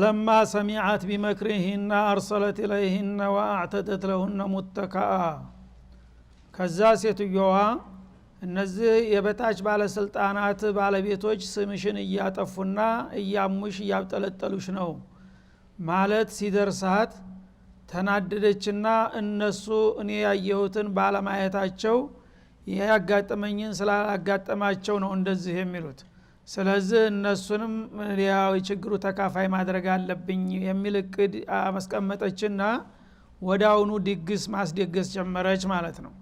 ፈለማ ሰሚዐት ቢመክሪህና አርሰለት ኢለይህነ ወአዕተደት ለሁነ ሙተካአ ከዛ ሴትዮዋ እነዚህ የበታች ባለስልጣናት ባለቤቶች ስምሽን እያጠፉና እያሙሽ እያብጠለጠሉሽ ነው ማለት ሲደርሳት ተናደደችና እነሱ እኔ ያየሁትን ባለማየታቸው ያጋጠመኝን ስላላጋጠማቸው ነው እንደዚህ የሚሉት ስለዚህ እነሱንም ያው የችግሩ ተካፋይ ማድረግ አለብኝ የሚል እቅድ አስቀመጠችና ወዳውኑ ድግስ ማስደገስ ጀመረች ማለት ነው።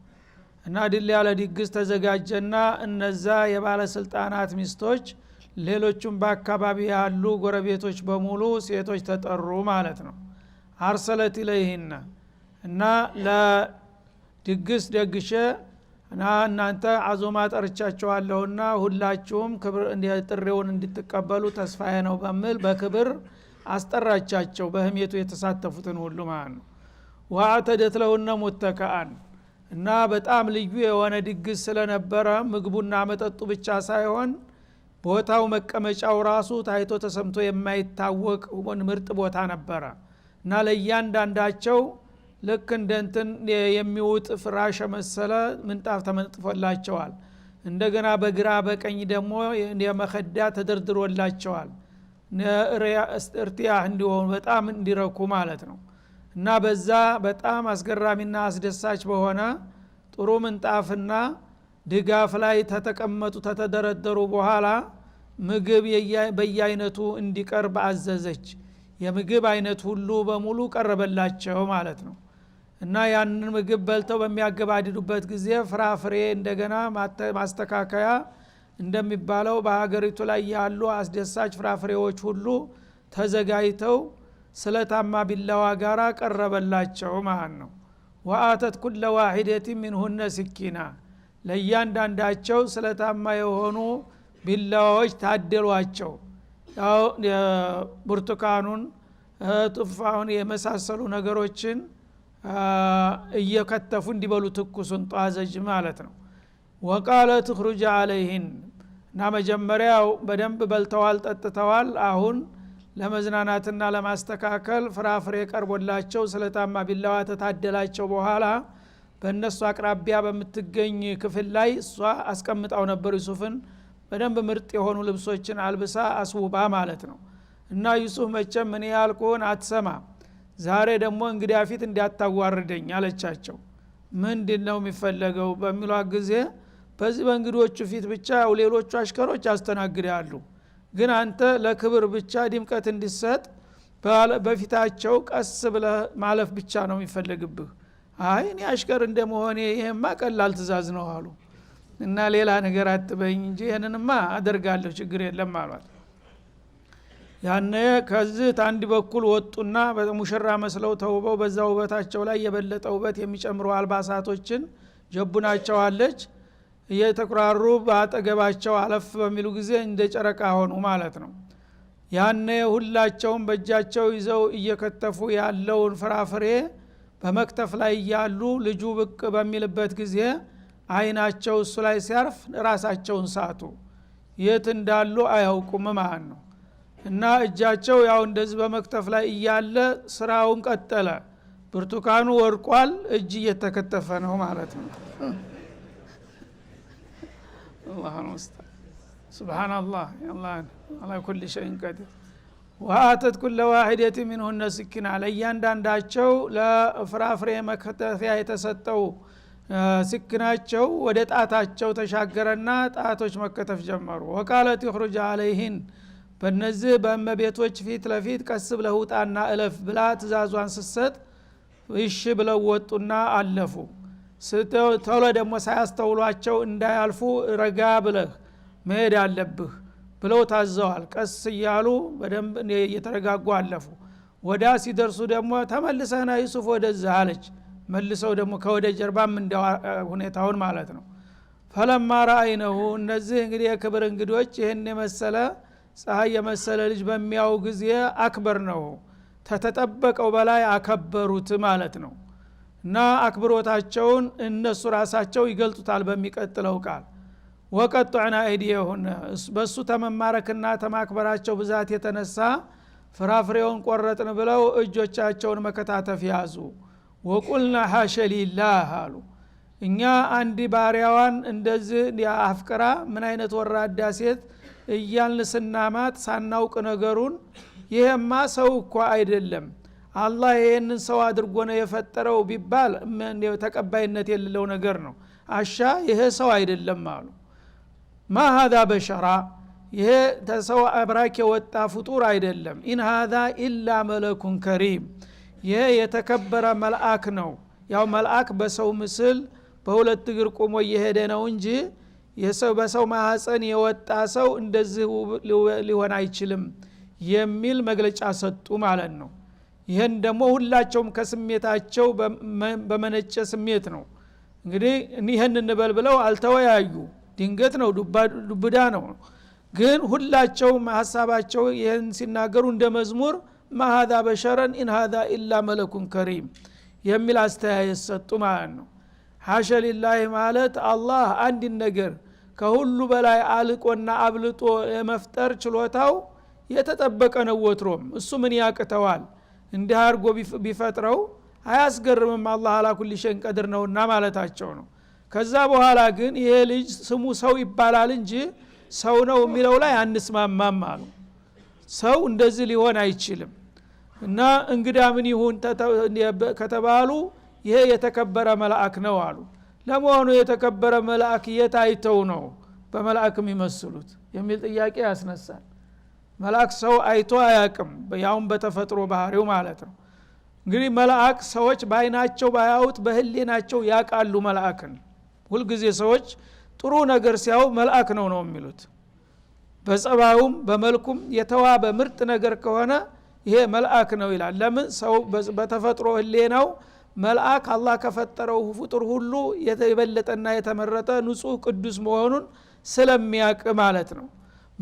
እና ድል ያለ ድግስ ተዘጋጀና እነዛ የባለስልጣናት ሚስቶች፣ ሌሎቹም በአካባቢ ያሉ ጎረቤቶች በሙሉ ሴቶች ተጠሩ ማለት ነው። አርሰለት ይለይህና እና ለድግስ ደግሸ እና እናንተ አዞማ ጠርቻችኋለሁና ሁላችሁም ክብር ጥሬውን እንድትቀበሉ ተስፋዬ ነው በምል በክብር አስጠራቻቸው በህሜቱ የተሳተፉትን ሁሉ ማለት ነው ዋአተደት ለሁነ ሙተከአን እና በጣም ልዩ የሆነ ድግስ ስለነበረ ምግቡና መጠጡ ብቻ ሳይሆን ቦታው መቀመጫው ራሱ ታይቶ ተሰምቶ የማይታወቅ ምርጥ ቦታ ነበረ እና ለእያንዳንዳቸው ልክ እንደ እንትን የሚውጥ ፍራሽ መሰለ ምንጣፍ ተመጥፎላቸዋል። እንደገና በግራ በቀኝ ደግሞ የመከዳ ተደርድሮላቸዋል እርትያህ እንዲሆኑ በጣም እንዲረኩ ማለት ነው። እና በዛ በጣም አስገራሚና አስደሳች በሆነ ጥሩ ምንጣፍና ድጋፍ ላይ ተተቀመጡ ተተደረደሩ በኋላ ምግብ በየአይነቱ እንዲቀርብ አዘዘች። የምግብ አይነት ሁሉ በሙሉ ቀረበላቸው ማለት ነው። እና ያንን ምግብ በልተው በሚያገባድዱበት ጊዜ ፍራፍሬ እንደገና ማስተካከያ እንደሚባለው በሀገሪቱ ላይ ያሉ አስደሳች ፍራፍሬዎች ሁሉ ተዘጋጅተው ስለታማ ቢላዋ ጋር ቀረበላቸው ማለት ነው። ወአተት ኩለ ዋሂደት ሚንሁነ ስኪና ለእያንዳንዳቸው ስለታማ የሆኑ ቢላዋዎች ታደሏቸው። ብርቱካኑን፣ ቱፋሁን የመሳሰሉ ነገሮችን እየከተፉ እንዲበሉ ትኩሱን ጧዘጅ ማለት ነው ወቃለ ትክሩጅ አለይህን እና መጀመሪያው በደንብ በልተዋል ጠጥተዋል አሁን ለመዝናናትና ለማስተካከል ፍራፍሬ ቀርቦላቸው ስለታማ ቢላዋ ተታደላቸው በኋላ በእነሱ አቅራቢያ በምትገኝ ክፍል ላይ እሷ አስቀምጣው ነበር ዩሱፍን በደንብ ምርጥ የሆኑ ልብሶችን አልብሳ አስውባ ማለት ነው እና ዩሱፍ መቼም ምን ያልኩን አትሰማ ዛሬ ደግሞ እንግዳ ፊት እንዲያታዋርደኝ አለቻቸው ምንድን ነው የሚፈለገው በሚሏት ጊዜ በዚህ በእንግዶቹ ፊት ብቻ ያው ሌሎቹ አሽከሮች ያስተናግዳሉ ግን አንተ ለክብር ብቻ ድምቀት እንዲሰጥ በፊታቸው ቀስ ብለ ማለፍ ብቻ ነው የሚፈለግብህ አይ እኔ አሽከር እንደመሆኔ ይህማ ቀላል ትእዛዝ ነው አሉ እና ሌላ ነገር አትበኝ እንጂ ይህንንማ አደርጋለሁ ችግር የለም አሏት ያነ ከዚህ አንድ በኩል ወጡና ሙሽራ መስለው ተውበው በዛ ውበታቸው ላይ የበለጠ ውበት የሚጨምሩ አልባሳቶችን ጀቡናቸዋለች እየተኩራሩ በአጠገባቸው አለፍ በሚሉ ጊዜ እንደ ጨረቃ ሆኑ ማለት ነው ያነ ሁላቸውም በእጃቸው ይዘው እየከተፉ ያለውን ፍራፍሬ በመክተፍ ላይ እያሉ ልጁ ብቅ በሚልበት ጊዜ አይናቸው እሱ ላይ ሲያርፍ ራሳቸውን ሳቱ የት እንዳሉ አያውቁም ማለት ነው እና እጃቸው ያው እንደዚህ በመክተፍ ላይ እያለ ስራውን ቀጠለ። ብርቱካኑ ወርቋል እጅ እየተከተፈ ነው ማለት ነው። ሱብሃናላህ አላ ኩል ሸይን ቀዲር። ወአተት ኩለ ዋሂደት ሚንሁነ ስኪና፣ ለእያንዳንዳቸው ለፍራፍሬ መክተፊያ የተሰጠው ስኪናቸው ወደ ጣታቸው ተሻገረና ጣቶች መከተፍ ጀመሩ። ወቃለት ይኽሩጅ አለይህን በነዚህ በእመቤቶች ፊት ለፊት ቀስ ብለህ ውጣና እለፍ ብላ ትእዛዟን ስሰጥ እሺ ብለው ወጡና አለፉ። ቶሎ ደግሞ ሳያስተውሏቸው እንዳያልፉ ረጋ ብለህ መሄድ አለብህ ብለው ታዘዋል። ቀስ እያሉ በደንብ እየተረጋጉ አለፉ። ወዳ ሲደርሱ ደግሞ ተመልሰህና ዩሱፍ ወደዚህ አለች። መልሰው ደግሞ ከወደ ጀርባም እንደ ሁኔታውን ማለት ነው። ፈለማ ራአይነሁ እነዚህ እንግዲህ የክብር እንግዶች ይህን የመሰለ ፀሐይ የመሰለ ልጅ በሚያው ጊዜ አክበር ነው ተተጠበቀው በላይ አከበሩት ማለት ነው እና አክብሮታቸውን እነሱ ራሳቸው ይገልጡታል በሚቀጥለው ቃል ወቀጥዕና የሆነ በእሱ ተመማረክና ተማክበራቸው ብዛት የተነሳ ፍራፍሬውን ቆረጥን ብለው እጆቻቸውን መከታተፍ ያዙ ወቁልና ሀሸሊላ አሉ እኛ አንድ ባሪያዋን እንደዚህ አፍቅራ ምን አይነት ወራዳ ሴት እያልን ስናማት ሳናውቅ ነገሩን ይሄማ ሰው እኮ አይደለም አላህ ይህንን ሰው አድርጎ ነው የፈጠረው ቢባል ተቀባይነት የሌለው ነገር ነው። አሻ ይሄ ሰው አይደለም አሉ። ማ ሀዛ በሸራ ይሄ ተሰው አብራክ የወጣ ፍጡር አይደለም። ኢን ሀዛ ኢላ መለኩን ከሪም ይሄ የተከበረ መልአክ ነው። ያው መልአክ በሰው ምስል በሁለት እግር ቁሞ እየሄደ ነው እንጂ የሰው በሰው ማህፀን የወጣ ሰው እንደዚህ ሊሆን አይችልም የሚል መግለጫ ሰጡ ማለት ነው። ይህን ደግሞ ሁላቸውም ከስሜታቸው በመነጨ ስሜት ነው እንግዲህ ይህን እንበል ብለው አልተወያዩ። ድንገት ነው፣ ዱብዳ ነው። ግን ሁላቸው ሀሳባቸው ይህን ሲናገሩ እንደ መዝሙር ማሃዛ በሸረን ኢንሃዛ ኢላ መለኩን ከሪም የሚል አስተያየት ሰጡ ማለት ነው። ሐሸ ሊላህ ማለት አላህ አንድን ነገር ከሁሉ በላይ አልቆና አብልጦ የመፍጠር ችሎታው የተጠበቀ ነው ወትሮም እሱ ምን ያቅተዋል እንዲህ አድርጎ ቢፈጥረው አያስገርምም አላህ አላኩል ሸይን ቀድር ነውና ማለታቸው ነው ከዛ በኋላ ግን ይሄ ልጅ ስሙ ሰው ይባላል እንጂ ሰው ነው የሚለው ላይ አንስማማም አሉ ሰው እንደዚህ ሊሆን አይችልም እና እንግዳ ምን ይሁን ከተባሉ ይሄ የተከበረ መልአክ ነው አሉ ለመሆኑ የተከበረ መልአክ የት አይተው ነው በመልአክ የሚመስሉት የሚል ጥያቄ ያስነሳል መልአክ ሰው አይቶ አያቅም ያውም በተፈጥሮ ባህሪው ማለት ነው እንግዲህ መልአክ ሰዎች በአይናቸው ባያውት ናቸው ያቃሉ መልአክን ሁልጊዜ ሰዎች ጥሩ ነገር ሲያው መልአክ ነው ነው የሚሉት በጸባዩም በመልኩም የተዋበ ምርጥ ነገር ከሆነ ይሄ መልአክ ነው ይላል ለምን ሰው በተፈጥሮ ህሌናው መልአክ አላህ ከፈጠረው ፍጡር ሁሉ የበለጠና የተመረጠ ንጹህ ቅዱስ መሆኑን ስለሚያቅ ማለት ነው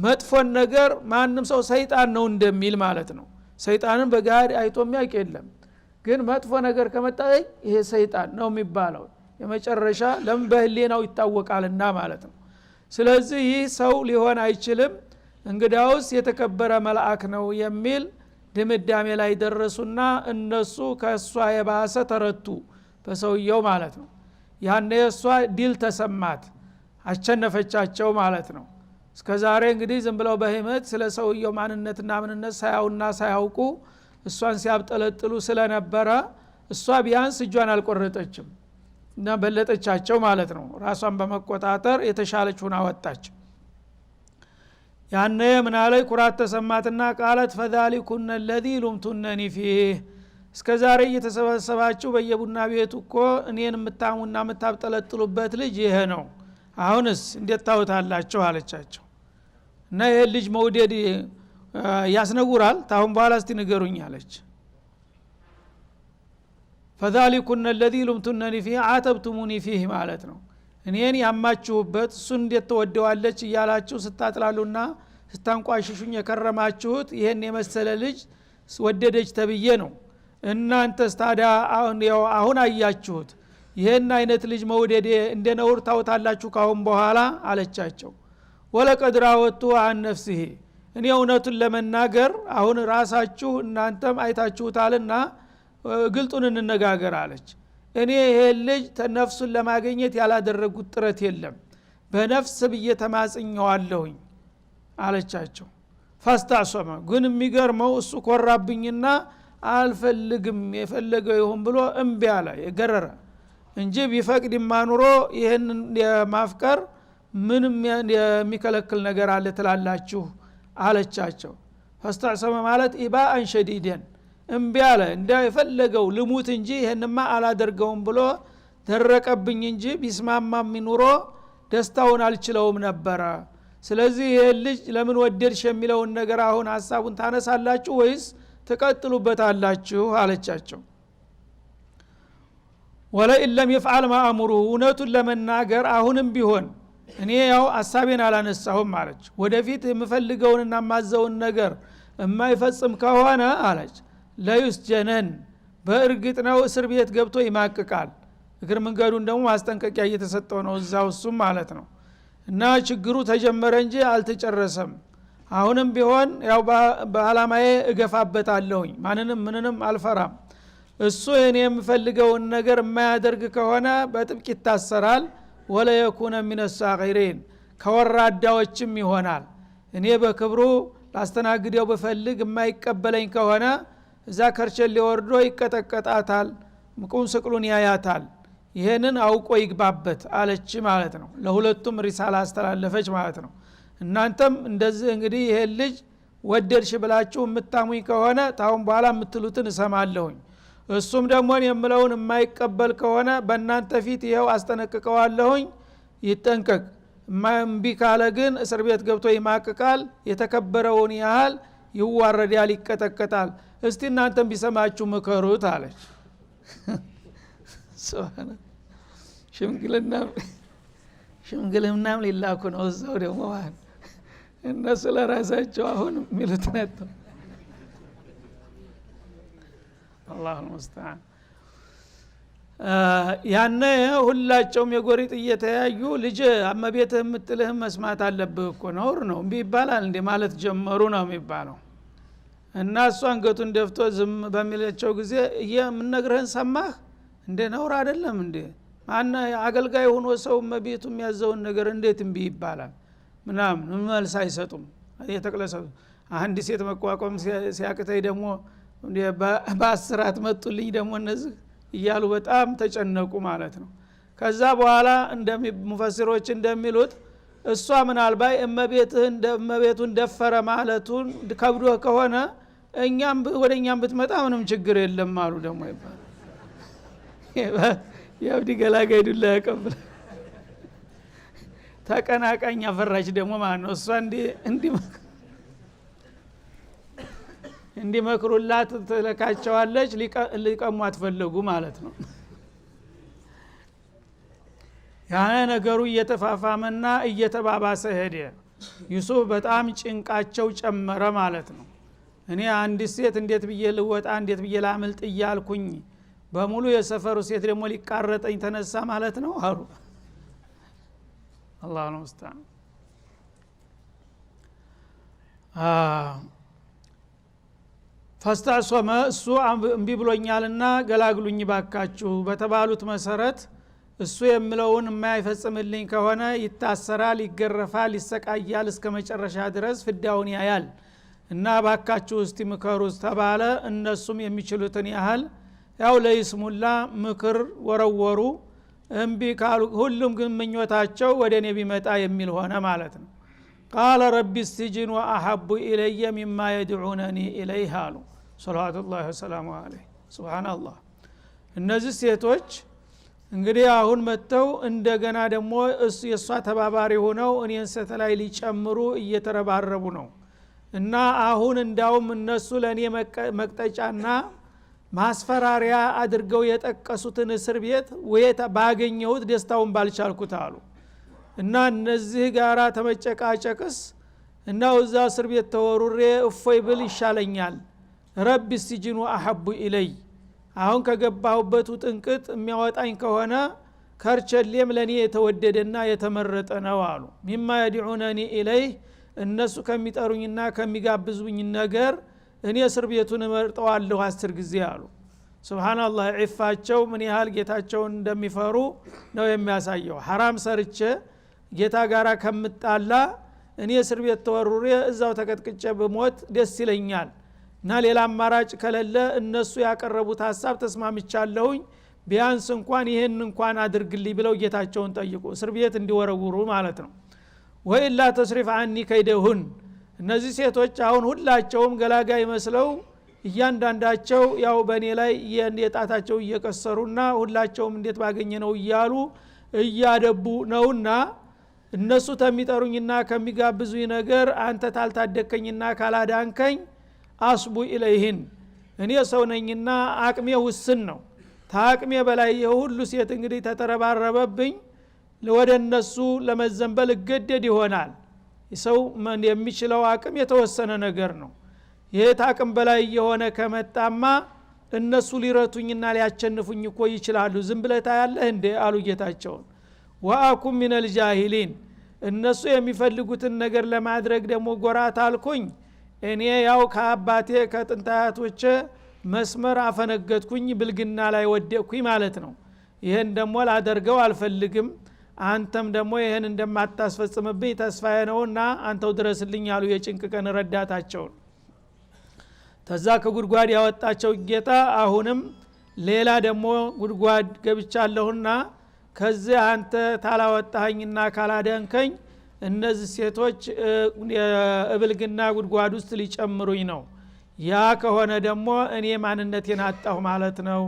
መጥፎን ነገር ማንም ሰው ሰይጣን ነው እንደሚል ማለት ነው ሰይጣንን በጋድ አይቶ የሚያውቅ የለም ግን መጥፎ ነገር ከመጣ ይሄ ሰይጣን ነው የሚባለው የመጨረሻ ለምን በህሌናው ይታወቃልና ማለት ነው ስለዚህ ይህ ሰው ሊሆን አይችልም እንግዳውስ የተከበረ መልአክ ነው የሚል ድምዳሜ ላይ ደረሱና እነሱ ከእሷ የባሰ ተረቱ በሰውየው ማለት ነው ያነ እሷ ዲል ተሰማት አቸነፈቻቸው ማለት ነው እስከ ዛሬ እንግዲህ ዝም ብለው በህመት ስለ ሰውየው ማንነትና ምንነት ሳያውና ሳያውቁ እሷን ሲያብጠለጥሉ ስለነበረ እሷ ቢያንስ እጇን አልቆረጠችም እና በለጠቻቸው ማለት ነው ራሷን በመቆጣጠር የተሻለች ሁና ወጣች ያነ ምናለይ ኩራት ተሰማትና ቃለት ፈዛሊኩነ ለዚ ሉምቱነኒ ፊህ እስከ ዛሬ እየተሰበሰባችሁ በየቡና ቤቱ እኮ እኔን የምታሙና የምታብጠለጥሉበት ልጅ ይሄ ነው አሁንስ እንዴት ታውታላችሁ አለቻቸው እና ይህን ልጅ መውደድ ያስነውራል ታሁን በኋላ እስቲ ንገሩኝ አለች ፈዛሊኩነ ለዚ ሉምቱነኒ ፊህ አተብቱሙኒ ፊህ ማለት ነው እኔን ያማችሁበት እሱን እንዴት ተወደዋለች እያላችሁ ስታጥላሉና ስታንቋሽሹኝ የከረማችሁት ይህን የመሰለ ልጅ ወደደች ተብዬ ነው። እናንተ ስታዳ አሁን አያችሁት፣ ይህን አይነት ልጅ መውደዴ እንደ ነውር ታውታላችሁ ካሁን በኋላ አለቻቸው። ወለቀድ ራወቱ አን ነፍስሄ እኔ እውነቱን ለመናገር አሁን ራሳችሁ እናንተም አይታችሁታልና ግልጡን እንነጋገር አለች። እኔ ይሄን ልጅ ነፍሱን ለማገኘት ያላደረጉት ጥረት የለም በነፍስ ብዬ ተማጽኘዋለሁኝ አለቻቸው ፈስታሶመ ግን የሚገርመው እሱ ኮራብኝና አልፈልግም የፈለገው ይሁን ብሎ እምቢ አለ የገረረ እንጂ ቢፈቅድ ማኑሮ ይህን የማፍቀር ምንም የሚከለክል ነገር አለ ትላላችሁ አለቻቸው ፈስታሶመ ማለት ኢባአን ሸዲደን እምቢ አለ እንደ የፈለገው ልሙት እንጂ ይህንማ አላደርገውም ብሎ ደረቀብኝ እንጂ ቢስማማም ኑሮ ደስታውን አልችለውም ነበረ ስለዚህ ይህ ልጅ ለምን ወደድሽ የሚለውን ነገር አሁን ሀሳቡን ታነሳላችሁ ወይስ ትቀጥሉበታላችሁ አለቻቸው ወለኢን ለም የፍዓል ማአሙሩ እውነቱን ለመናገር አሁንም ቢሆን እኔ ያው አሳቤን አላነሳሁም አለች ወደፊት የምፈልገውንና ማዘውን ነገር የማይፈጽም ከሆነ አለች ለዩስጀነን በእርግጥ ነው እስር ቤት ገብቶ ይማቅቃል እግር መንገዱን ደግሞ ማስጠንቀቂያ እየተሰጠው ነው እዛው እሱም ማለት ነው እና ችግሩ ተጀመረ እንጂ አልተጨረሰም አሁንም ቢሆን ያው በአላማዬ እገፋበታለሁኝ ማንንም ምንንም አልፈራም እሱ እኔ የምፈልገውን ነገር የማያደርግ ከሆነ በጥብቅ ይታሰራል ወለየኩነ ሚነ ከወራዳዎችም ይሆናል እኔ በክብሩ ላስተናግደው ብፈልግ የማይቀበለኝ ከሆነ እዛ ከርቸሌ ወርዶ ይቀጠቀጣታል ቁም ስቅሉን ያያታል ይሄንን አውቆ ይግባበት አለች ማለት ነው ለሁለቱም ሪሳላ አስተላለፈች ማለት ነው እናንተም እንደዚህ እንግዲህ ይሄን ልጅ ወደድሽ ብላችሁ የምታሙኝ ከሆነ ታሁን በኋላ የምትሉትን እሰማለሁኝ እሱም ደግሞ የምለውን የማይቀበል ከሆነ በእናንተ ፊት ይኸው አስጠነቅቀዋለሁኝ ይጠንቀቅ እምቢ ካለ ግን እስር ቤት ገብቶ ይማቅቃል የተከበረውን ያህል ይዋረዳል ይቀጠቀጣል እስቲ እናንተን ቢሰማችሁ ምከሩት አለች ሽምግልና ሽምግልናም ሊላኩ ነው እዛው ደግሞ እነሱ ለራሳቸው አሁን የሚሉት ነጥ አላሁ ልሙስተዓን ያነ ሁላቸውም የጎሪጥ እየተያዩ ልጅ አመቤትህ የምትልህም መስማት አለብህ እኮ ነውር ነው እምቢ ይባላል እንዴ ማለት ጀመሩ ነው የሚባለው እና እሷ አንገቱን ደፍቶ ዝም በሚለቸው ጊዜ የምነግርህን ሰማህ እንደ ነውር አይደለም እንዴ? ማነ አገልጋይ ሆኖ ሰው መቤቱ የሚያዘውን ነገር እንዴት እምቢ ይባላል? ምናምን መልስ አይሰጡም። የተቅለሰብ አንድ ሴት መቋቋም ሲያቅተኝ ደግሞ በአስራት መጡልኝ ደግሞ እነዚህ እያሉ በጣም ተጨነቁ ማለት ነው። ከዛ በኋላ ሙፈሲሮች እንደሚሉት እሷ ምናልባት እመቤትህ እመቤቱን ደፈረ ማለቱን ከብዶ ከሆነ እኛም ወደ እኛም ብትመጣ ምንም ችግር የለም አሉ። ደግሞ ይባላል የአብዲ ገላጋይ ዱላ ተቀናቃኝ አፈራች ደግሞ ማለት ነው። እሷ እንዲመክሩላት ትለካቸዋለች። ሊቀሙ አትፈለጉ ማለት ነው። ያነ ነገሩ እየተፋፋመና እየተባባሰ ሄደ። ዩሱፍ በጣም ጭንቃቸው ጨመረ ማለት ነው። እኔ አንድ ሴት እንዴት ብዬ ልወጣ እንዴት ብዬ ላምልጥ እያልኩኝ በሙሉ የሰፈሩ ሴት ደግሞ ሊቃረጠኝ ተነሳ ማለት ነው አሉ አላሁ ልሙስታን ፈስታሶመ እሱ እምቢ ብሎኛልና ገላግሉኝ ባካችሁ በተባሉት መሰረት እሱ የምለውን የማይፈጽምልኝ ከሆነ ይታሰራል ይገረፋል ይሰቃያል እስከ መጨረሻ ድረስ ፍዳውን ያያል እና ባካችሁ እስቲ ምከሩ ተባለ እነሱም የሚችሉትን ያህል ያው ለይስሙላ ምክር ወረወሩ እምቢ ካሉ ሁሉም ግን ምኞታቸው ወደ እኔ ቢመጣ የሚል ሆነ ማለት ነው ቃለ ረቢ ስጅን ወአሐቡ ኢለየ ሚማ የድዑነኒ ኢለይህ አሉ ሰለዋቱ ላ ወሰላሙ አለህ ስብናላህ እነዚህ ሴቶች እንግዲህ አሁን መጥተው እንደገና ደግሞ የእሷ ተባባሪ ሆነው እኔን ሰተላይ ሊጨምሩ እየተረባረቡ ነው እና አሁን እንዳውም እነሱ ለእኔ መቅጠጫና ማስፈራሪያ አድርገው የጠቀሱትን እስር ቤት ወየት ባገኘሁት ደስታውን ባልቻልኩት አሉ እና እነዚህ ጋራ ተመጨቃጨቅስ እና እዛ እስር ቤት ተወሩሬ እፎይ ብል ይሻለኛል ረቢ ሲጅኑ አሐቡ ኢለይ አሁን ከገባሁበት ውጥንቅጥ የሚያወጣኝ ከሆነ ከርቸሌም ለእኔ የተወደደና የተመረጠ ነው አሉ ሚማ የድዑነኒ ኢለይህ እነሱ ከሚጠሩኝና ከሚጋብዙኝ ነገር እኔ እስር ቤቱን እመርጠዋለሁ አስር ጊዜ አሉ ስብናላህ ዒፋቸው ምን ያህል ጌታቸውን እንደሚፈሩ ነው የሚያሳየው ሐራም ሰርቼ ጌታ ጋር ከምጣላ እኔ እስር ቤት ተወሩሬ እዛው ተቀጥቅጨ ብሞት ደስ ይለኛል እና ሌላ አማራጭ ከሌለ እነሱ ያቀረቡት ሀሳብ ተስማምቻለሁኝ ቢያንስ እንኳን ይህን እንኳን አድርግልኝ ብለው ጌታቸውን ጠይቁ እስር ቤት እንዲወረውሩ ማለት ነው ወይላ ተስሪፍ አኒ ከይደሁን እነዚህ ሴቶች አሁን ሁላቸውም ገላጋ ይመስለው እያንዳንዳቸው ያው በእኔ ላይ የጣታቸው እየቀሰሩና ሁላቸውም እንዴት ባገኘ ነው እያሉ እያደቡ ነውና እነሱ ተሚጠሩኝና ከሚጋብዙኝ ነገር አንተ ታልታደከኝና ካላዳንከኝ አስቡ ኢለይህን እኔ ሰው ነኝና አቅሜ ውስን ነው ታቅሜ በላይ የሁሉ ሴት እንግዲህ ተተረባረበብኝ ወደ እነሱ ለመዘንበል እገደድ ይሆናል ሰው የሚችለው አቅም የተወሰነ ነገር ነው ይህት አቅም በላይ የሆነ ከመጣማ እነሱ ሊረቱኝና ሊያቸንፉኝ እኮ ይችላሉ ዝም ብለታ ያለህ እንደ አሉ ጌታቸውን ወአኩም ሚነል ጃሂሊን እነሱ የሚፈልጉትን ነገር ለማድረግ ደግሞ ጎራት አልኩኝ እኔ ያው ከአባቴ ከጥንታያቶች መስመር አፈነገጥኩኝ ብልግና ላይ ወደቅኩኝ ማለት ነው ይህን ደግሞ ላደርገው አልፈልግም አንተም ደግሞ ይህን እንደማታስፈጽምብኝ ተስፋዬ ነውና አንተው ድረስልኝ ያሉ የጭንቅ ቀን ረዳታቸውን ተዛ ከጉድጓድ ያወጣቸው ጌታ አሁንም ሌላ ደግሞ ጉድጓድ ገብቻለሁና ከዚህ አንተ ታላወጣኝና ካላደንከኝ እነዚህ ሴቶች የእብልግና ጉድጓድ ውስጥ ሊጨምሩኝ ነው ያ ከሆነ ደግሞ እኔ ማንነቴን አጣሁ ማለት ነው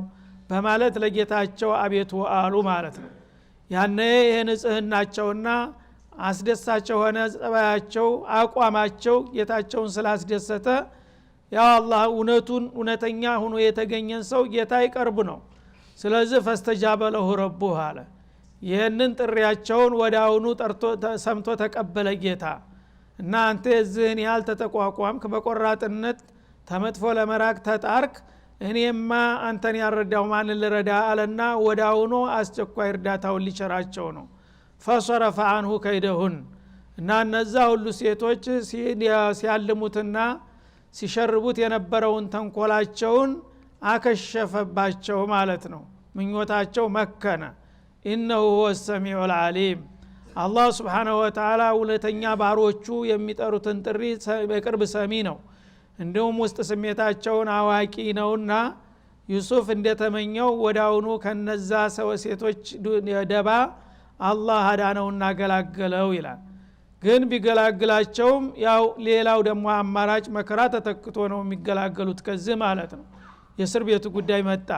በማለት ለጌታቸው አቤቱ አሉ ማለት ነው ያነ ይሄ ንጽህናቸውና አስደሳች የሆነ ጸባያቸው አቋማቸው ጌታቸውን ስላስደሰተ ያው አላህ እውነቱን እውነተኛ ሁኖ የተገኘን ሰው ጌታ ይቀርብ ነው ስለዚህ ፈስተጃበ ለሁ አለ ይህንን ጥሪያቸውን ወደ አሁኑ ሰምቶ ተቀበለ ጌታ እና አንተ የዚህን ያህል ተተቋቋምክ በቆራጥነት ተመጥፎ ለመራቅ ተጣርክ እኔማ አንተን ያረዳው ማን ልረዳ አለና ወዳውኖ አስቸኳይ እርዳታውን ሊቸራቸው ነው ፈሰረፈ አንሁ ከይደሁን እና እነዛ ሁሉ ሴቶች ሲያልሙትና ሲሸርቡት የነበረውን ተንኮላቸውን አከሸፈባቸው ማለት ነው ምኞታቸው መከነ ኢነሁ ሁወ ሰሚዑ ልዓሊም አላህ ስብሓናሁ ወተላ እውነተኛ ባሮቹ የሚጠሩትን ጥሪ በቅርብ ሰሚ ነው እንደውም ውስጥ ስሜታቸውን አዋቂ ነውና ዩሱፍ እንደተመኘው ወዳውኑ ከነዛ ሰው ሴቶች ደባ አላህ አዳነውና ገላገለው ይላል ግን ቢገላግላቸውም ያው ሌላው ደግሞ አማራጭ መከራ ተተክቶ ነው የሚገላገሉት ከዚህ ማለት ነው የእስር ቤቱ ጉዳይ መጣ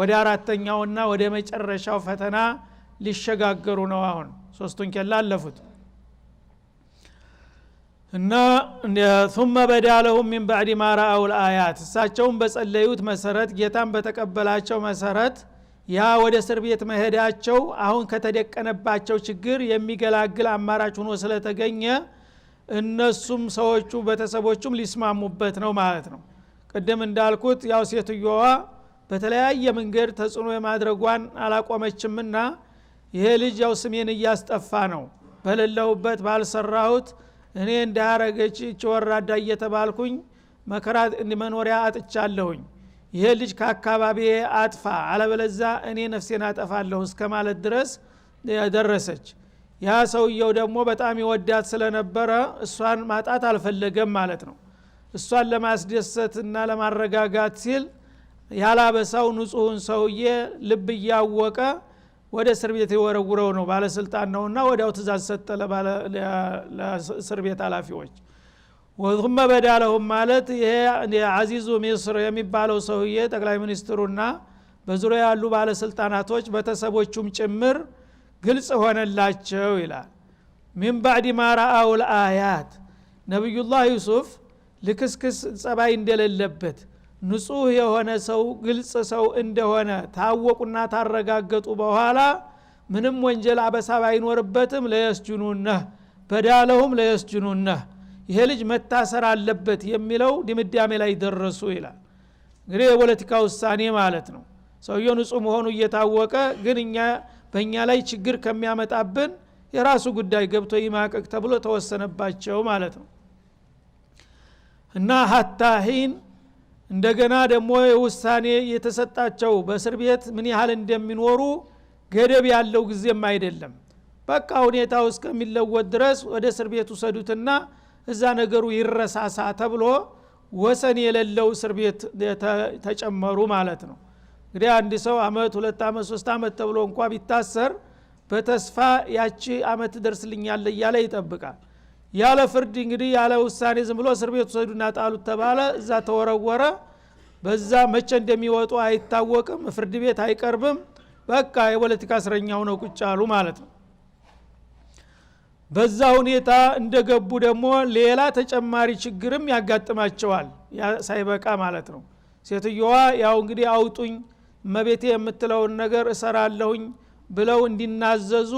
ወደ አራተኛውና ወደ መጨረሻው ፈተና ሊሸጋገሩ ነው አሁን ሶስቱን ኬላ አለፉት እና ثመ በዳ ለሁም ሚን ባዕድ ማ ልአያት እሳቸውም በጸለዩት መሰረት ጌታም በተቀበላቸው መሰረት ያ ወደ እስር ቤት መሄዳቸው አሁን ከተደቀነባቸው ችግር የሚገላግል አማራጭ ሆኖ ስለተገኘ እነሱም ሰዎቹ በተሰቦቹም ሊስማሙበት ነው ማለት ነው ቅድም እንዳልኩት ያው ሴትዮዋ በተለያየ መንገድ ተጽዕኖ የማድረጓን አላቆመችምና ይሄ ልጅ ያው ስሜን እያስጠፋ ነው በሌለሁበት ባልሰራሁት እኔ እንዳረገች እች ወራዳ እየተባልኩኝ መከራ መኖሪያ አጥቻለሁኝ ይሄ ልጅ ከአካባቢ አጥፋ አለበለዛ እኔ ነፍሴን አጠፋለሁ እስከ ማለት ድረስ ደረሰች ያ ሰውየው ደግሞ በጣም ይወዳት ስለነበረ እሷን ማጣት አልፈለገም ማለት ነው እሷን ለማስደሰትና ለማረጋጋት ሲል ያላበሳው ንጹህን ሰውዬ ልብ እያወቀ ወደ እስር ቤት የወረውረው ነው ባለስልጣን ነውና ወዲያው ትእዛዝ ሰጠ ለእስር ቤት ኃላፊዎች ወመ በዳለሁም ማለት ይሄ አዚዙ ሚስር የሚባለው ሰውዬ ጠቅላይ ሚኒስትሩና በዙሪያ ያሉ ባለስልጣናቶች ቤተሰቦቹም ጭምር ግልጽ ሆነላቸው ይላል ሚን ባዕድ ማ ረአው ልአያት ነቢዩላህ ዩሱፍ ልክስክስ ጸባይ እንደሌለበት ንጹህ የሆነ ሰው ግልጽ ሰው እንደሆነ ታወቁና ታረጋገጡ በኋላ ምንም ወንጀል አበሳ ባይኖርበትም ለየስጅኑነህ በዳለሁም ለየስጅኑነህ ይሄ ልጅ መታሰር አለበት የሚለው ድምዳሜ ላይ ደረሱ ይላል እንግዲህ የፖለቲካ ውሳኔ ማለት ነው ሰውየ ንጹህ መሆኑ እየታወቀ ግን እኛ በእኛ ላይ ችግር ከሚያመጣብን የራሱ ጉዳይ ገብቶ ይማቀቅ ተብሎ ተወሰነባቸው ማለት ነው እና ሀታሂን እንደገና ደግሞ የውሳኔ የተሰጣቸው በእስር ቤት ምን ያህል እንደሚኖሩ ገደብ ያለው ጊዜም አይደለም። በቃ ሁኔታ እስከሚለወጥ ድረስ ወደ እስር ቤት ውሰዱትና እዛ ነገሩ ይረሳሳ ተብሎ ወሰን የሌለው እስር ቤት ተጨመሩ ማለት ነው። እንግዲህ አንድ ሰው አመት፣ ሁለት አመት፣ ሶስት አመት ተብሎ እንኳ ቢታሰር በተስፋ ያቺ አመት ደርስልኛለ እያለ ይጠብቃል። ያለ ፍርድ እንግዲህ ያለ ውሳኔ ዝም ብሎ እስር ቤት ውሰዱና ጣሉት ተባለ። እዛ ተወረወረ። በዛ መቼ እንደሚወጡ አይታወቅም። ፍርድ ቤት አይቀርብም። በቃ የፖለቲካ እስረኛው ሆነ ቁጭ አሉ ማለት ነው። በዛ ሁኔታ እንደገቡ ደግሞ ሌላ ተጨማሪ ችግርም ያጋጥማቸዋል። ሳይበቃ ማለት ነው። ሴትዮዋ ያው እንግዲህ አውጡኝ እመቤቴ የምትለውን ነገር እሰራለሁኝ ብለው እንዲናዘዙ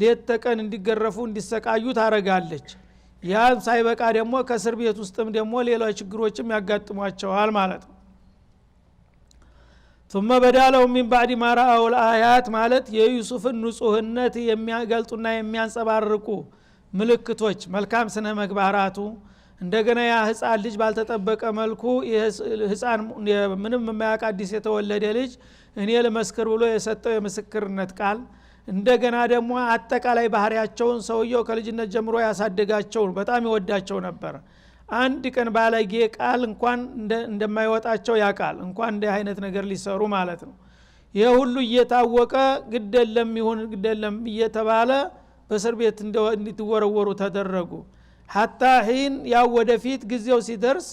ሌት ተቀን እንዲገረፉ እንዲሰቃዩ ታረጋለች። ያ ሳይበቃ ደግሞ ከእስር ቤት ውስጥም ደግሞ ሌላ ችግሮችም ያጋጥሟቸዋል ማለት ነው ثم بدا لهم من بعد ما ማለት የዩሱፍን ንጹህነት የሚያገልጡና የሚያንጸባርቁ ምልክቶች መልካም ስነ መግባራቱ እንደገና ያ ህፃን ልጅ ባልተጠበቀ መልኩ ህፃን ምንም የማያውቅ አዲስ የተወለደ ልጅ እኔ ልመስክር ብሎ የሰጠው የምስክርነት ቃል እንደገና ደግሞ አጠቃላይ ባህሪያቸውን ሰውየው ከልጅነት ጀምሮ ያሳደጋቸውን በጣም ይወዳቸው ነበር አንድ ቀን ባለጌ ቃል እንኳን እንደማይወጣቸው ያቃል እንኳን እንዲህ አይነት ነገር ሊሰሩ ማለት ነው ይህ ሁሉ እየታወቀ ግደለም ይሁን ግደለም እየተባለ በእስር ቤት እንዲወረወሩ ተደረጉ ሀታ ሂን ያው ወደፊት ጊዜው ሲደርስ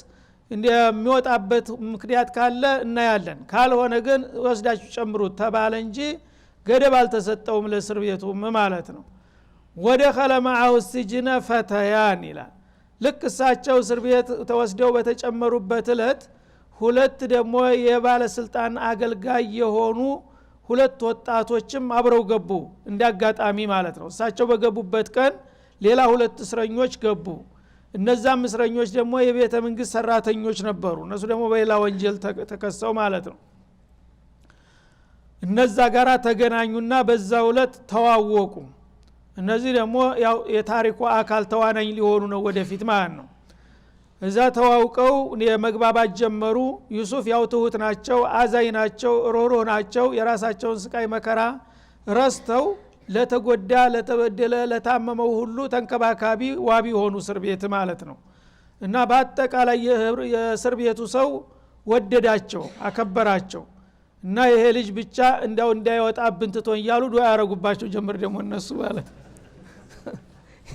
የሚወጣበት ምክንያት ካለ እናያለን ካልሆነ ግን ወስዳችሁ ጨምሩት ተባለ እንጂ ገደብ አልተሰጠውም ለእስር ቤቱም ማለት ነው ወደ ከለማአው ሲጅነ ፈተያን ይላል ልክ እሳቸው እስር ቤት ተወስደው በተጨመሩበት እለት ሁለት ደግሞ የባለስልጣን አገልጋይ የሆኑ ሁለት ወጣቶችም አብረው ገቡ እንዳጋጣሚ ማለት ነው እሳቸው በገቡበት ቀን ሌላ ሁለት እስረኞች ገቡ እነዛም እስረኞች ደግሞ የቤተ መንግስት ሰራተኞች ነበሩ እነሱ ደግሞ በሌላ ወንጀል ተከሰው ማለት ነው እነዛ ጋር ተገናኙና በዛ ውለት ተዋወቁ እነዚህ ደግሞ ያው የታሪኩ አካል ተዋናኝ ሊሆኑ ነው ወደፊት ማለት ነው እዛ ተዋውቀው የመግባባት ጀመሩ ዩሱፍ ያው ትሁት ናቸው አዛይ ናቸው ሮሮ ናቸው የራሳቸውን ስቃይ መከራ ረስተው ለተጎዳ ለተበደለ ለታመመው ሁሉ ተንከባካቢ ዋቢ ሆኑ እስር ቤት ማለት ነው እና በአጠቃላይ የእስር ቤቱ ሰው ወደዳቸው አከበራቸው እና ይሄ ልጅ ብቻ እንዳው እንዳይወጣ ትቶን እያሉ ዱዓ ያረጉባቸው ጀምር ደግሞ እነሱ ማለት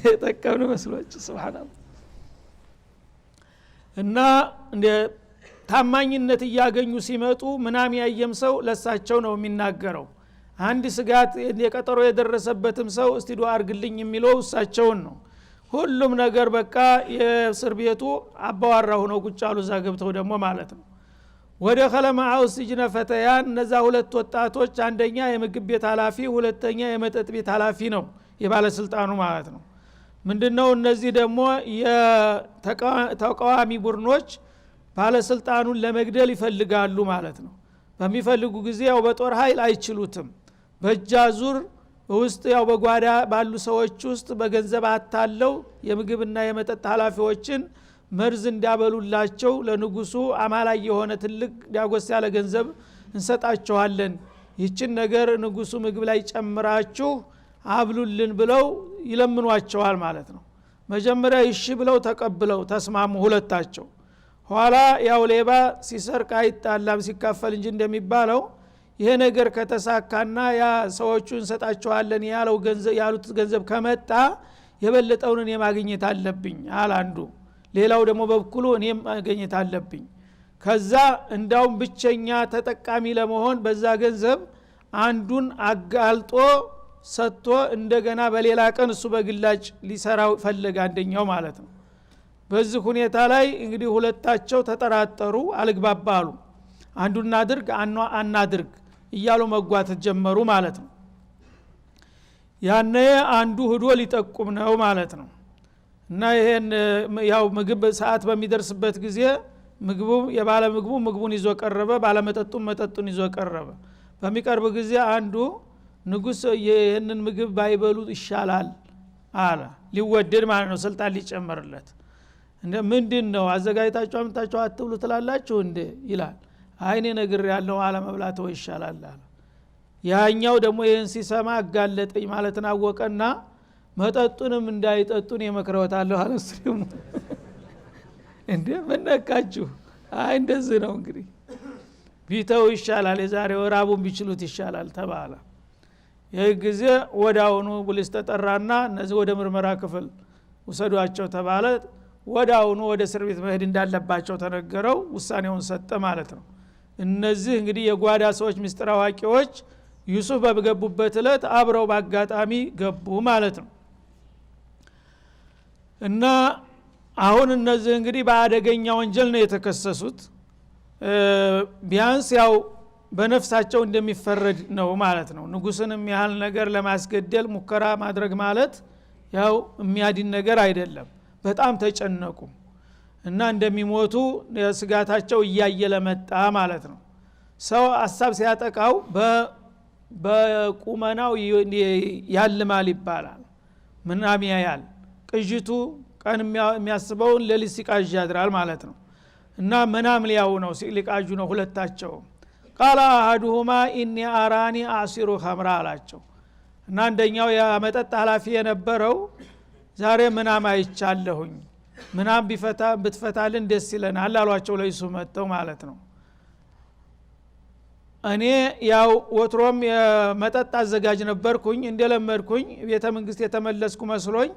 የጠቀምን መስሎች ስብናላ እና ታማኝነት እያገኙ ሲመጡ ምናም ያየም ሰው ለሳቸው ነው የሚናገረው አንድ ስጋት የቀጠሮ የደረሰበትም ሰው እስቲ ዱዓ አርግልኝ የሚለው እሳቸውን ነው ሁሉም ነገር በቃ የእስር ቤቱ አባዋራ ሁነው ቁጫሉ ዛ ገብተው ደግሞ ማለት ነው ወደ ከለማአው ሲጅነ ፈተያን እነዛ ሁለት ወጣቶች አንደኛ የምግብ ቤት ኃላፊ ሁለተኛ የመጠጥ ቤት ኃላፊ ነው የባለስልጣኑ ማለት ነው ምንድነው እነዚህ ደግሞ የተቃዋሚ ቡድኖች ባለስልጣኑን ለመግደል ይፈልጋሉ ማለት ነው በሚፈልጉ ጊዜ ያው በጦር ኃይል አይችሉትም በእጃ ዙር ውስጥ ያው በጓዳ ባሉ ሰዎች ውስጥ በገንዘብ አታለው የምግብና የመጠጥ ኃላፊዎችን መርዝ እንዲያበሉላቸው ለንጉሱ አማላይ የሆነ ትልቅ ዳጎስ ያለ ገንዘብ እንሰጣችኋለን ይችን ነገር ንጉሱ ምግብ ላይ ጨምራችሁ አብሉልን ብለው ይለምኗቸዋል ማለት ነው መጀመሪያ ይሺ ብለው ተቀብለው ተስማሙ ሁለታቸው ኋላ ያው ሌባ ሲሰርቅ አይጣላም ሲካፈል እንጂ እንደሚባለው ይሄ ነገር ከተሳካና ያ ሰዎቹ እንሰጣቸዋለን ያሉት ገንዘብ ከመጣ የበለጠውን የማግኘት አለብኝ አል አንዱ ሌላው ደግሞ በብኩሉ እኔም ማገኘት አለብኝ ከዛ እንዳውም ብቸኛ ተጠቃሚ ለመሆን በዛ ገንዘብ አንዱን አጋልጦ ሰጥቶ እንደገና በሌላ ቀን እሱ በግላጭ ሊሰራው ፈለገ አንደኛው ማለት ነው በዚህ ሁኔታ ላይ እንግዲህ ሁለታቸው ተጠራጠሩ አልግባባሉ አንዱ እናድርግ አናድርግ እያሉ መጓተት ጀመሩ ማለት ነው ያነ አንዱ ህዶ ሊጠቁም ነው ማለት ነው እና ይሄን ያው ምግብ ሰዓት በሚደርስበት ጊዜ ምግቡ የባለ ምግቡ ምግቡን ይዞ ቀረበ፣ ባለመጠጡም መጠጡን ይዞ ቀረበ። በሚቀርብ ጊዜ አንዱ ንጉስ ይህንን ምግብ ባይበሉ ይሻላል አለ። ሊወደድ ማለት ነው፣ ስልጣን ሊጨመርለት። ምንድን ነው አዘጋጅታችሁ አምጣችሁ አትብሉ ትላላችሁ እንዴ ይላል። አይኔ ነግር ያለው አለመብላት ይሻላል አለ። ያኛው ደግሞ ይህን ሲሰማ አጋለጠኝ ማለትን አወቀና መጠጡንም እንዳይጠጡን የመክረወታለሁ አለ እሱ ደግሞ እንዴ መነካችሁ አይ እንደዚህ ነው እንግዲህ ቢተው ይሻላል የዛሬ ወራቡን ቢችሉት ይሻላል ተባለ ይህ ጊዜ ወዳውኑ ቡሊስ ተጠራና እነዚህ ወደ ምርመራ ክፍል ውሰዷቸው ተባለ ወዳውኑ ወደ እስር ቤት መሄድ እንዳለባቸው ተነገረው ውሳኔውን ሰጠ ማለት ነው እነዚህ እንግዲህ የጓዳ ሰዎች ምስጢር አዋቂዎች ዩሱፍ በገቡበት እለት አብረው በአጋጣሚ ገቡ ማለት ነው እና አሁን እነዚህ እንግዲህ በአደገኛ ወንጀል ነው የተከሰሱት ቢያንስ ያው በነፍሳቸው እንደሚፈረድ ነው ማለት ነው ንጉስንም ያህል ነገር ለማስገደል ሙከራ ማድረግ ማለት ያው የሚያድን ነገር አይደለም በጣም ተጨነቁ እና እንደሚሞቱ ስጋታቸው እያየ ለመጣ ማለት ነው ሰው ሀሳብ ሲያጠቃው በቁመናው ያልማል ይባላል ምናምን ያያል ቅዥቱ ቀን የሚያስበውን ሌሊት ሲቃዥ ያድራል ማለት ነው እና ሊያው ነው ሊቃዡ ነው ሁለታቸው ቃለ አህዱሁማ ኢኒ አራኒ አሲሩ ከምራ አላቸው እና አንደኛው የመጠጥ ኃላፊ የነበረው ዛሬ ምናም አይቻለሁኝ ምናም ቢፈታ ብትፈታልን ደስ ይለናል አሏቸው ለይሱ መጥተው ማለት ነው እኔ ያው ወትሮም የመጠጥ አዘጋጅ ነበርኩኝ እንደለመድኩኝ ቤተ መንግስት የተመለስኩ መስሎኝ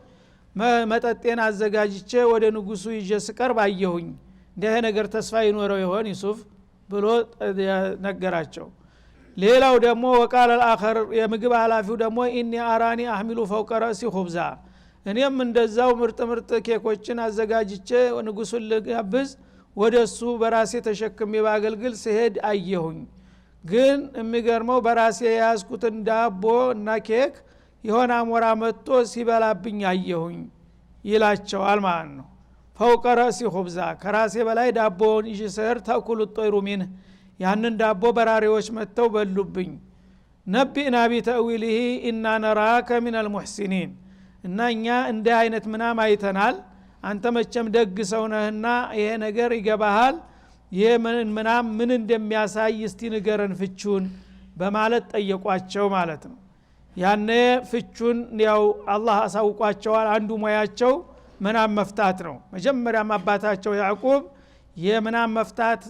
መጠጤን አዘጋጅቼ ወደ ንጉሱ ይዤ ስቀርብ አየሁኝ እንዲህ ነገር ተስፋ ይኖረው ይሆን ዩሱፍ ብሎ ነገራቸው ሌላው ደግሞ ወቃል አልአኸር የምግብ ኃላፊው ደግሞ ኢኒ አራኒ አህሚሉ ፈውቀ ረእሲ ሁብዛ እኔም እንደዛው ምርጥ ምርጥ ኬኮችን አዘጋጅቼ ንጉሱን ልጋብዝ ወደ እሱ በራሴ ተሸክሜ በአገልግል ስሄድ አየሁኝ ግን የሚገርመው በራሴ የያዝኩትን ዳቦ እና ኬክ የሆነ አሞራ መጥቶ ሲበላብኝ አየሁኝ ይላቸዋል ማለት ነው ፈውቀ ረእሲ ሁብዛ ከራሴ በላይ ዳቦውን ይሽ ስር ተኩሉ ጦይሩ ሚንህ ያንን ዳቦ በራሪዎች መጥተው በሉብኝ ነቢእና ቢተዊልህ እና ነራከ ምን አልሙሕሲኒን እና እኛ እንዲህ አይነት ምናም አይተናል አንተ መቸም ደግ ሰው ነህና ይሄ ነገር ይገባሃል ይህ ምናም ምን እንደሚያሳይ እስቲ ንገረን ፍቹን በማለት ጠየቋቸው ማለት ነው ያነ ፍቹን ያው አላህ አሳውቋቸዋል። አንዱ ሙያቸው ምናም መፍታት ነው። መጀመሪያም አባታቸው ያዕቁብ የምናም መፍታት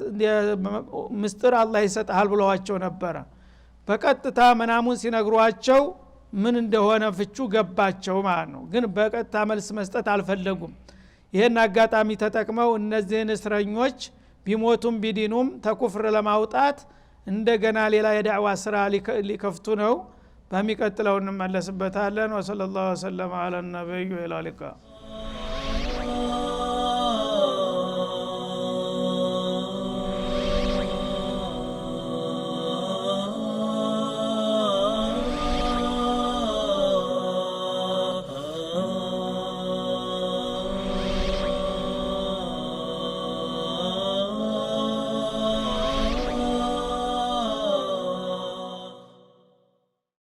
ምስጢር አላህ ይሰጥሃል ብለዋቸው ነበረ። በቀጥታ ምናሙን ሲነግሯቸው ምን እንደሆነ ፍቹ ገባቸው ማለት ነው። ግን በቀጥታ መልስ መስጠት አልፈለጉም። ይህን አጋጣሚ ተጠቅመው እነዚህን እስረኞች ቢሞቱም ቢዲኑም ተኩፍር ለማውጣት እንደገና ሌላ የዳዕዋ ስራ ሊከፍቱ ነው። በሚቀጥለው እንመለስበታለን ወሰለ ላሁ ሰለማ አላ ነቢዩ ላሊቃ